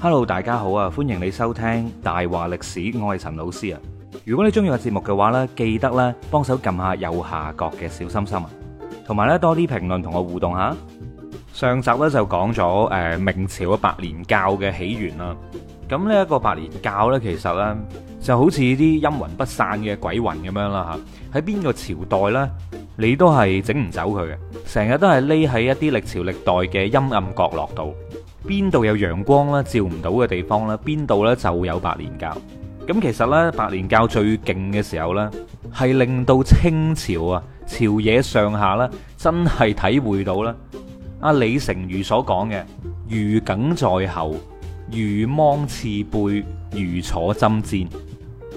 hello，大家好啊，歡迎你收聽大話歷史，我係陳老師啊。如果你中意個節目嘅話咧，記得咧幫手撳下右下角嘅小心心啊，同埋咧多啲評論同我互動下。上集咧就講咗誒明朝嘅白蓮教嘅起源啦。咁呢一個白蓮教咧，其實咧就好似啲陰魂不散嘅鬼魂咁樣啦吓。喺邊個朝代咧，你都係整唔走佢嘅，成日都係匿喺一啲歷朝歷代嘅陰暗角落度。邊度有陽光啦，照唔到嘅地方啦，邊度咧就有白蓮教。咁其實呢，白蓮教最勁嘅時候呢，係令到清朝啊朝野上下呢，真係體會到啦。阿李成儒所講嘅，如鯁在喉，如芒刺背，如坐針氈。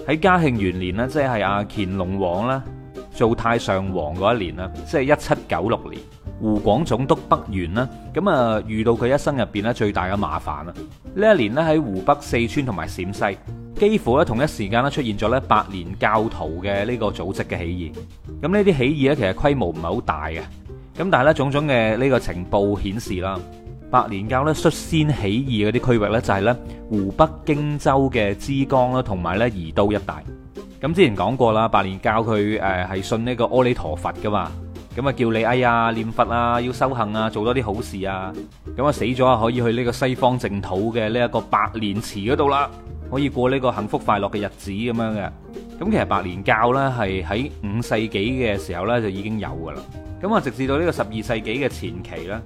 喺嘉慶元年呢，即係阿乾隆皇啦做太上皇嗰一年啦，即係一七九六年。湖廣總督北元啦，咁啊遇到佢一生入邊咧最大嘅麻煩啦。呢一年咧喺湖北、四川同埋陝西，幾乎咧同一時間咧出現咗咧白蓮教徒嘅呢個組織嘅起義。咁呢啲起義咧其實規模唔係好大嘅，咁但係咧種種嘅呢個情報顯示啦，白蓮教咧率先起義嗰啲區域咧就係咧湖北荊州嘅枝江啦，同埋咧宜都一帶。咁之前講過啦，白蓮教佢誒係信呢個阿彌陀佛噶嘛。咁啊，叫你哎呀，念佛啊，要修行啊，做多啲好事啊，咁啊死咗啊，可以去呢個西方淨土嘅呢一個白蓮池嗰度啦，可以過呢個幸福快樂嘅日子咁樣嘅。咁其實白蓮教呢，係喺五世紀嘅時候呢，就已經有噶啦。咁啊直至到呢個十二世紀嘅前期呢，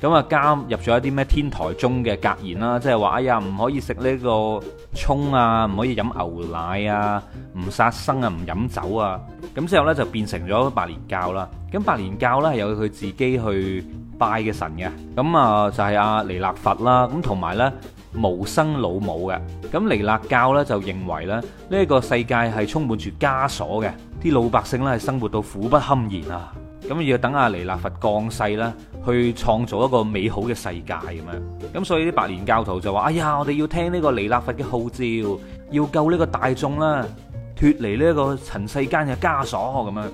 咁啊加入咗一啲咩天台宗嘅格言啦，即係話哎呀唔可以食呢個蔥啊，唔可以飲牛奶啊，唔殺生啊，唔飲酒啊。咁之後呢，就變成咗白蓮教啦。咁白蓮教呢，係有佢自己去拜嘅神嘅。咁啊就係、是、阿彌勒佛啦。咁同埋呢，無生老母嘅。咁彌勒教呢，就認為呢，呢一個世界係充滿住枷鎖嘅，啲老百姓呢，係生活到苦不堪言啊。咁要等阿彌勒佛降世啦，去創造一個美好嘅世界咁樣。咁所以啲白蓮教徒就話：哎呀，我哋要聽呢個彌勒佛嘅號召，要救呢個大眾啦。脫離呢一個塵世間嘅枷鎖咁啊，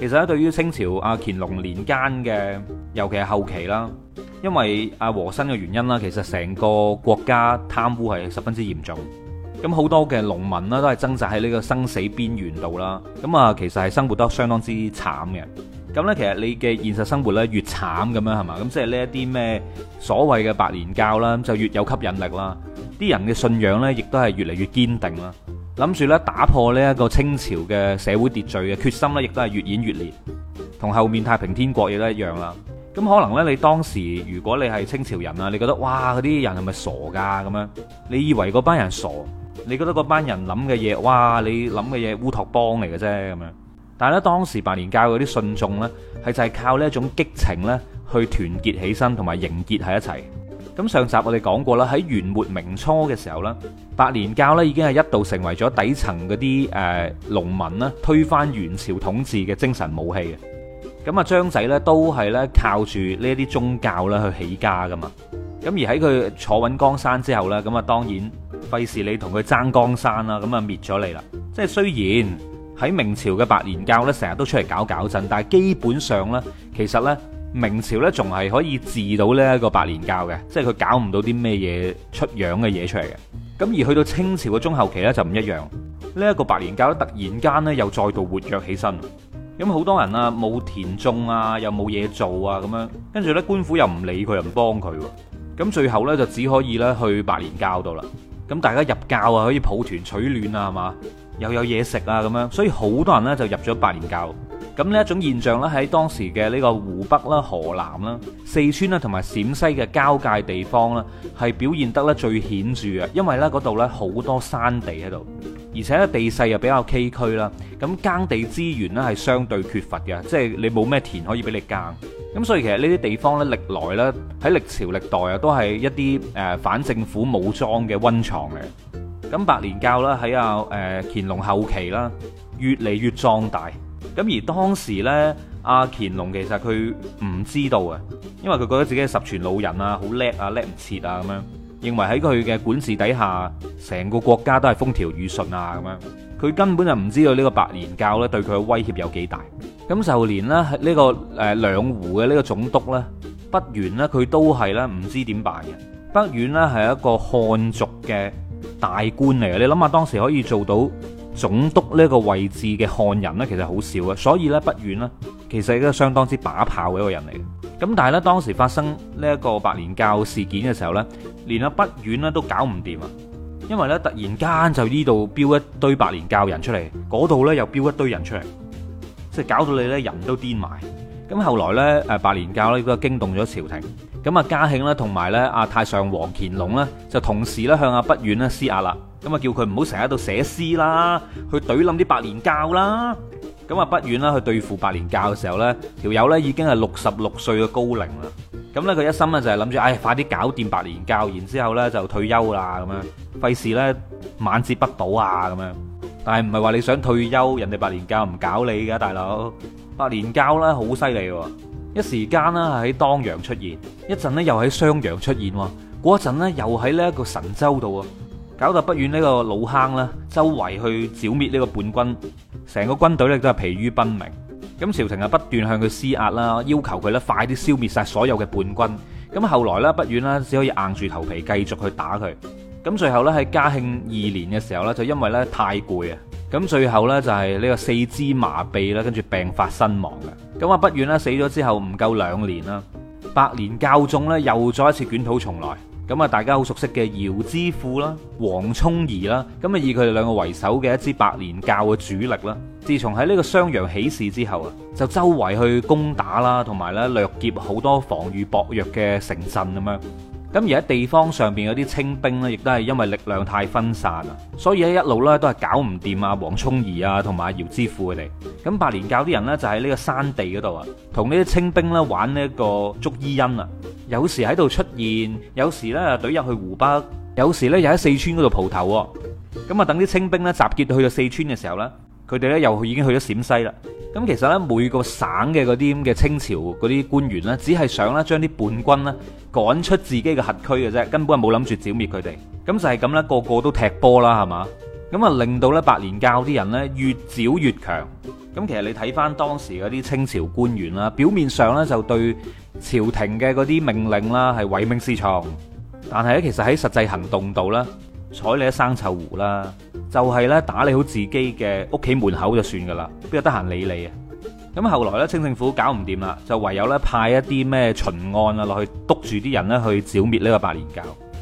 其實咧對於清朝阿乾隆年間嘅，尤其係後期啦，因為阿和珅嘅原因啦，其實成個國家貪污係十分之嚴重，咁好多嘅農民啦都係掙扎喺呢個生死邊緣度啦，咁啊其實係生活得相當之慘嘅。咁呢，其實你嘅現實生活咧越慘咁樣係嘛，咁即係呢一啲咩所謂嘅白蓮教啦，就越有吸引力啦，啲人嘅信仰呢，亦都係越嚟越堅定啦。諗住咧打破呢一個清朝嘅社會秩序嘅決心咧，亦都係越演越烈，同後面太平天國亦都一樣啦。咁可能咧，你當時如果你係清朝人啊，你覺得哇嗰啲人係咪傻噶咁樣？你以為嗰班人傻？你覺得嗰班人諗嘅嘢，哇你諗嘅嘢烏托邦嚟嘅啫咁樣。但係咧，當時白蓮教嗰啲信眾呢，係就係靠呢一種激情呢，去團結起身同埋凝結喺一齊。咁上集我哋講過啦，喺元末明初嘅時候啦，白蓮教呢已經係一度成為咗底層嗰啲誒農民啦，推翻元朝統治嘅精神武器。咁啊，張仔呢都係呢靠住呢啲宗教呢去起家噶嘛。咁而喺佢坐穩江山之後呢，咁啊當然費事你同佢爭江山啦。咁啊滅咗你啦。即係雖然喺明朝嘅白蓮教呢成日都出嚟搞搞震，但係基本上呢，其實呢。明朝呢仲係可以治到呢一個白蓮教嘅，即係佢搞唔到啲咩嘢出樣嘅嘢出嚟嘅。咁而去到清朝嘅中後期呢，就唔一樣，呢一個白蓮教咧突然間呢，又再度活躍起身。咁好多人啊冇田種啊，又冇嘢做啊咁樣，跟住呢，官府又唔理佢，又唔幫佢喎。咁最後呢，就只可以呢去白蓮教度啦。咁大家入教啊，可以抱團取暖啊，係嘛？又有嘢食啊咁樣，所以好多人呢，就入咗白蓮教。咁呢一種現象咧，喺當時嘅呢個湖北啦、河南啦、四川啦同埋陝西嘅交界地方咧，係表現得咧最顯著嘅，因為咧嗰度咧好多山地喺度，而且咧地勢又比較崎嶇啦，咁耕地資源咧係相對缺乏嘅，即係你冇咩田可以俾你耕。咁所以其實呢啲地方咧，歷來咧喺歷朝歷代啊，都係一啲誒反政府武裝嘅溫床嘅。咁白蓮教啦，喺啊誒乾隆後期啦，越嚟越壯大。咁而當時呢，阿乾隆其實佢唔知道啊，因為佢覺得自己係十全老人啊，好叻啊，叻唔切啊咁樣，認為喺佢嘅管治底下，成個國家都係風調雨順啊咁樣，佢根本就唔知道呢個白蓮教呢對佢嘅威脅有幾大。咁就連呢呢個誒兩湖嘅呢個總督呢，北元呢，佢都係呢唔知點辦嘅。北元呢係一個漢族嘅大官嚟嘅，你諗下當時可以做到？總督呢個位置嘅漢人呢，其實好少啊，所以呢，畢沅呢，其實都相當之把炮嘅一個人嚟嘅。咁但係呢，當時發生呢一個白蓮教事件嘅時候呢，連阿畢沅咧都搞唔掂啊，因為呢，突然間就呢度標一堆白蓮教人出嚟，嗰度呢又標一堆人出嚟，即係搞到你呢人都癲埋。咁後來呢，誒白蓮教咧都驚動咗朝廷，咁啊嘉慶呢，同埋呢阿太上皇乾隆呢，就同時呢向阿畢沅呢施壓啦。咁啊，叫佢唔好成日喺度寫詩啦，去懟冧啲白蓮教啦。咁啊，不遠啦，去對付白蓮教嘅時候咧，條友咧已經係六十六歲嘅高齡啦。咁咧，佢一心咧就係諗住，唉，快啲搞掂白蓮教，然之後咧就退休啦，咁樣費事咧晚節不保啊，咁樣。但係唔係話你想退休，人哋白蓮教唔搞你噶，大佬。白蓮教咧好犀利，一時間咧喺當陽出現，一陣咧又喺襄陽出現，嗰陣咧又喺呢一個神州度。搞到畢沅呢個老坑啦，周圍去剿滅呢個叛軍，成個軍隊咧都係疲於奔命。咁朝廷啊不斷向佢施壓啦，要求佢咧快啲消滅晒所有嘅叛軍。咁後來咧，畢沅啦，只可以硬住頭皮繼續去打佢。咁最後咧喺嘉慶二年嘅時候咧，就因為咧太攰啊，咁最後咧就係呢個四肢麻痹啦，跟住病發身亡嘅。咁啊，畢沅啦死咗之後唔夠兩年啦，白蓮教眾咧又再一次捲土重來。咁啊，大家好熟悉嘅姚之富啦、王聰兒啦，咁啊以佢哋兩個為首嘅一支白蓮教嘅主力啦。自從喺呢個襄陽起事之後啦，就周圍去攻打啦，同埋咧掠劫好多防禦薄弱嘅城鎮咁樣。咁而喺地方上邊嗰啲清兵呢，亦都係因為力量太分散啊，所以喺一路咧都係搞唔掂啊王聰兒啊同埋姚之富佢哋。咁白蓮教啲人呢，就喺呢個山地嗰度啊，同呢啲清兵咧玩呢一個捉伊人啊。有時喺度出現，有時呢隊入去湖北，有時呢又喺四川嗰度蒲頭。咁啊，等啲清兵呢集結去到四川嘅時候呢，佢哋呢又已經去咗陝西啦。咁其實呢，每個省嘅嗰啲咁嘅清朝嗰啲官員呢，只係想呢將啲叛軍呢趕出自己嘅轄區嘅啫，根本係冇諗住剿滅佢哋。咁就係咁啦，個個都踢波啦，係嘛？咁啊，令到咧白蓮教啲人咧越剿越強。咁其實你睇返當時嗰啲清朝官員啦，表面上咧就對朝廷嘅嗰啲命令啦係唯命是從，但係咧其實喺實際行動度咧，睬你都生臭狐啦，就係、是、咧打理好自己嘅屋企門口就算噶啦，邊有得閒理你啊？咁後來咧，清政府搞唔掂啦，就唯有咧派一啲咩巡按啊落去督住啲人咧去剿滅呢個白蓮教。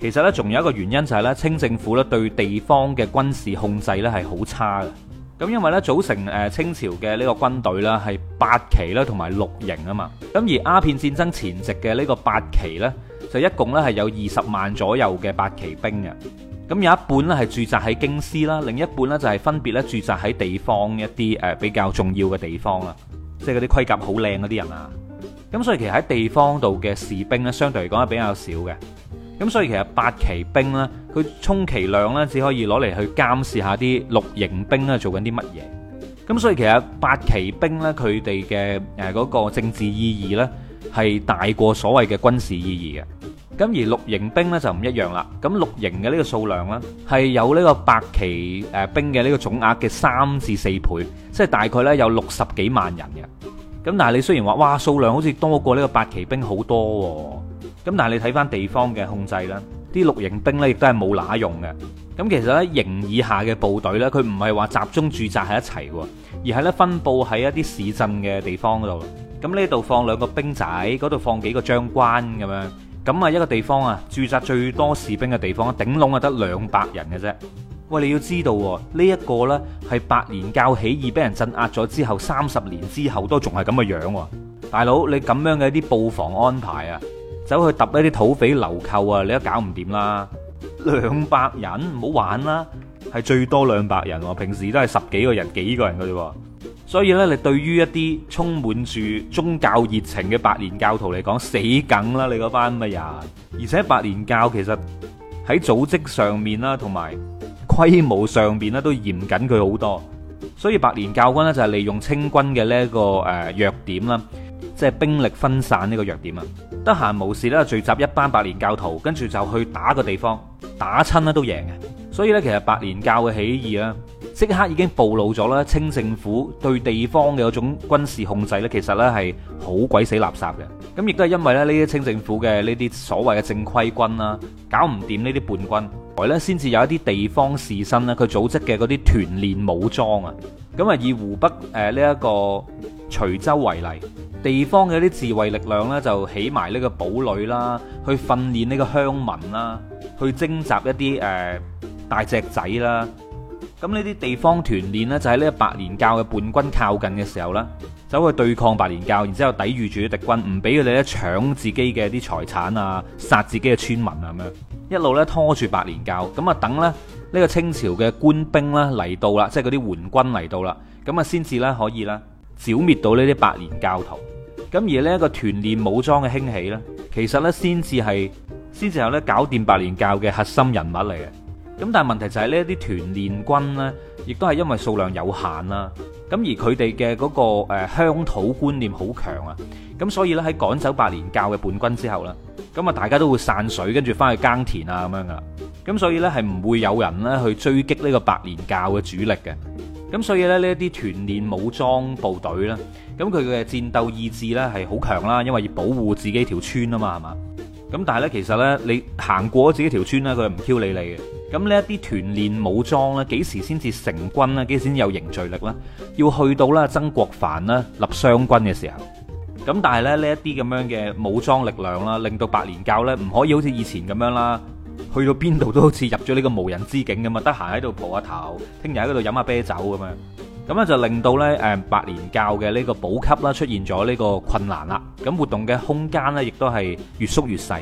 其實咧，仲有一個原因就係咧，清政府咧對地方嘅軍事控制咧係好差嘅。咁因為咧，組成誒清朝嘅呢個軍隊啦，係八旗咧同埋綠營啊嘛。咁而鴉片戰爭前夕嘅呢個八旗咧，就一共咧係有二十萬左右嘅八旗兵嘅。咁有一半咧係駐紮喺京師啦，另一半咧就係分別咧駐紮喺地方一啲誒比較重要嘅地方啦，即係嗰啲盔甲好靚嗰啲人啊。咁所以其實喺地方度嘅士兵咧，相對嚟講係比較少嘅。咁所以其實八旗兵咧，佢充其量咧只可以攞嚟去監視下啲綠營兵咧做緊啲乜嘢。咁所以其實八旗兵咧，佢哋嘅誒嗰個政治意義咧係大過所謂嘅軍事意義嘅。咁而綠營兵咧就唔一樣啦。咁綠營嘅呢個數量咧係有呢個八旗誒兵嘅呢個總額嘅三至四倍，即係大概咧有六十幾萬人嘅。咁但係你雖然話哇數量好似多過呢個八旗兵好多喎、哦。咁但係你睇翻地方嘅控制啦，啲綠營兵咧亦都係冇乸用嘅。咁其實咧營以下嘅部隊咧，佢唔係話集中駐紮喺一齊喎，而係咧分佈喺一啲市鎮嘅地方嗰度。咁呢度放兩個兵仔，嗰度放幾個將官咁樣。咁啊一個地方啊駐紮最多士兵嘅地方，頂籠啊得兩百人嘅啫。喂，你要知道呢一、呢個呢係白蓮教起義俾人鎮壓咗之後，三十年之後都仲係咁嘅樣喎，大佬你咁樣嘅一啲布防安排啊！走去揼呢啲土匪流寇啊！你都搞唔掂啦，兩百人唔好玩啦，係最多兩百人喎。平時都係十幾個人、幾個人嘅啫。所以咧，你對於一啲充滿住宗教熱情嘅白蓮教徒嚟講，死梗啦你嗰班咪人。而且白蓮教其實喺組織上面啦，同埋規模上面咧，都嚴謹佢好多。所以白蓮教軍咧就係利用清軍嘅呢一個誒弱點啦。即係兵力分散呢個弱點啊！得閒無事咧，聚集一班白蓮教徒，跟住就去打個地方，打親咧都贏嘅。所以呢，其實白蓮教嘅起義咧，即刻已經暴露咗啦。清政府對地方嘅嗰種軍事控制呢，其實呢係好鬼死垃圾嘅。咁亦都係因為咧呢啲清政府嘅呢啲所謂嘅正規軍啦，搞唔掂呢啲叛軍，後來咧先至有一啲地方士紳呢，佢組織嘅嗰啲團練武裝啊。咁啊，以湖北誒呢一個隨州為例。地方嘅啲自衛力量咧，就起埋呢個堡壘啦，去訓練呢個鄉民啦，去徵集一啲誒、呃、大隻仔啦。咁呢啲地方團練呢，就喺呢個白蓮教嘅叛軍靠近嘅時候呢，走去對抗白蓮教，然之後抵禦住啲敵軍，唔俾佢哋咧搶自己嘅啲財產啊，殺自己嘅村民啊咁樣，一路咧拖住白蓮教，咁啊等咧呢、呢個清朝嘅官兵啦嚟到啦，即係嗰啲援軍嚟到啦，咁啊先至咧可以咧剿滅到呢啲白蓮教徒。咁而呢一個團練武裝嘅興起呢，其實呢先至係先至有咧搞掂白蓮教嘅核心人物嚟嘅。咁但係問題就係呢啲團練軍呢，亦都係因為數量有限啦。咁而佢哋嘅嗰個誒鄉土觀念好強啊。咁所以呢，喺趕走白蓮教嘅叛軍之後呢，咁啊大家都會散水，跟住翻去耕田啊咁樣噶。咁所以呢，係唔會有人咧去追擊呢個白蓮教嘅主力嘅。咁所以咧，呢一啲團練武裝部隊呢，咁佢嘅戰鬥意志呢，係好強啦，因為要保護自己條村啊嘛，係嘛？咁但係呢，其實呢，你行過自己條村呢，佢係唔挑你你嘅。咁呢一啲團練武裝呢，幾時先至成軍咧？幾時先有凝聚力呢？要去到啦，曾國藩咧立湘軍嘅時候。咁但係咧，呢一啲咁樣嘅武裝力量啦，令到白蓮教呢，唔可以好似以前咁樣啦。去到邊度都好似入咗呢個無人之境咁啊！得閒喺度蒲下頭，聽日喺度飲下啤酒咁樣，咁咧就令到呢誒白蓮教嘅呢個補給啦出現咗呢個困難啦，咁活動嘅空間呢，亦都係越縮越細。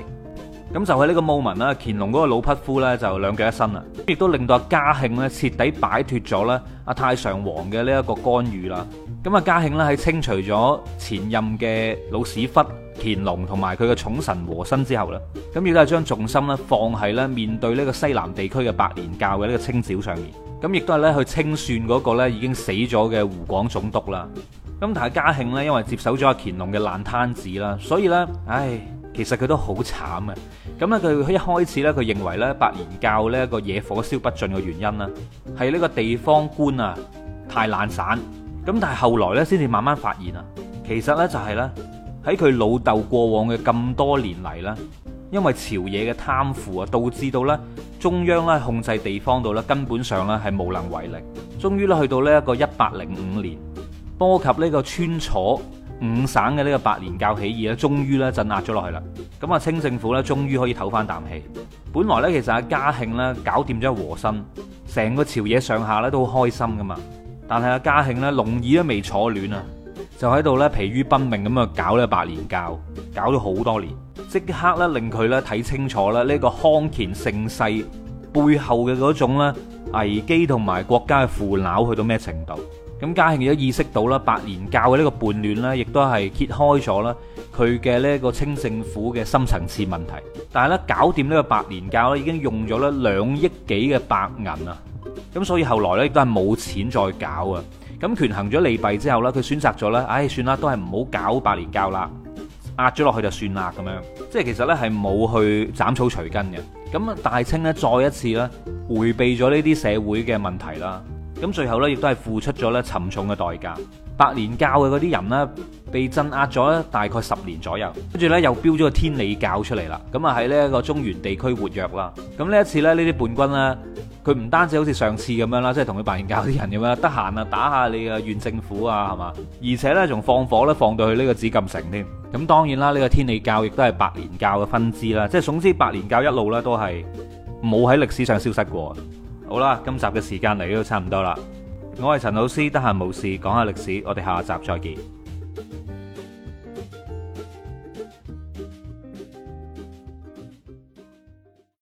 咁就喺呢個 moment 啦，乾隆嗰個老匹夫咧就兩腳一伸啦，亦都令到阿嘉慶咧徹底擺脱咗咧阿太上皇嘅呢一個干預啦。咁、嗯、啊，嘉慶咧喺清除咗前任嘅老屎忽乾隆同埋佢嘅寵臣和珅之後咧，咁亦都係將重心呢放喺咧面對呢個西南地區嘅白蓮教嘅呢個清剿上面。咁、嗯、亦都係咧去清算嗰個咧已經死咗嘅湖廣總督啦。咁、嗯、但係嘉慶呢，因為接手咗阿、啊、乾隆嘅爛攤子啦，所以呢唉。其實佢都好慘啊，咁咧佢一開始咧佢認為咧白蓮教呢一個野火燒不盡嘅原因啦，係呢個地方官啊太懶散，咁但係後來咧先至慢慢發現啊，其實咧就係咧喺佢老豆過往嘅咁多年嚟啦，因為朝野嘅貪腐啊，導致到咧中央咧控制地方度咧根本上咧係無能為力，終於咧去到呢一個1805年波及呢個川楚五省嘅呢個白蓮教起義咧，終於咧鎮壓咗落去啦。咁啊，清政府咧，終於可以唞翻啖氣。本來咧，其實阿嘉慶咧搞掂咗和珅，成個朝野上下咧都好開心噶嘛。但係阿嘉慶咧，龍椅都未坐暖啊，就喺度咧疲於奔命咁啊搞呢個白蓮教，搞咗好多年，即刻咧令佢咧睇清楚咧呢個康乾盛世背後嘅嗰種咧危機同埋國家嘅腐朽去到咩程度。咁嘉慶亦都意識到啦，白蓮教嘅呢個叛亂呢，亦都係揭開咗啦佢嘅呢個清政府嘅深層次問題。但係咧，搞掂呢個白蓮教咧，已經用咗咧兩億幾嘅白銀啊！咁所以後來咧，亦都係冇錢再搞啊！咁權衡咗利弊之後咧，佢選擇咗咧，唉、哎，算啦，都係唔好搞白蓮教啦，壓咗落去就算啦咁樣。即係其實咧，係冇去斬草除根嘅。咁大清咧，再一次咧，回避咗呢啲社會嘅問題啦。咁最後呢，亦都係付出咗咧沉重嘅代價。白蓮教嘅嗰啲人呢，被鎮壓咗大概十年左右，跟住呢又標咗個天理教出嚟啦。咁啊喺呢一個中原地區活躍啦。咁呢一次咧，呢啲叛軍呢，佢唔單止好似上次咁樣啦，即係同佢白蓮教啲人咁樣得閒啊，打下你嘅縣政府啊，係嘛？而且呢，仲放火呢放到去呢個紫禁城添。咁當然啦，呢、呢個天理教亦都係白蓮教嘅分支啦。即係總之，白蓮教一路呢都係冇喺歷史上消失過。好啦，今集嘅時間嚟到都差唔多啦，我係陳老師，得閒冇事講下歷史，我哋下集再見。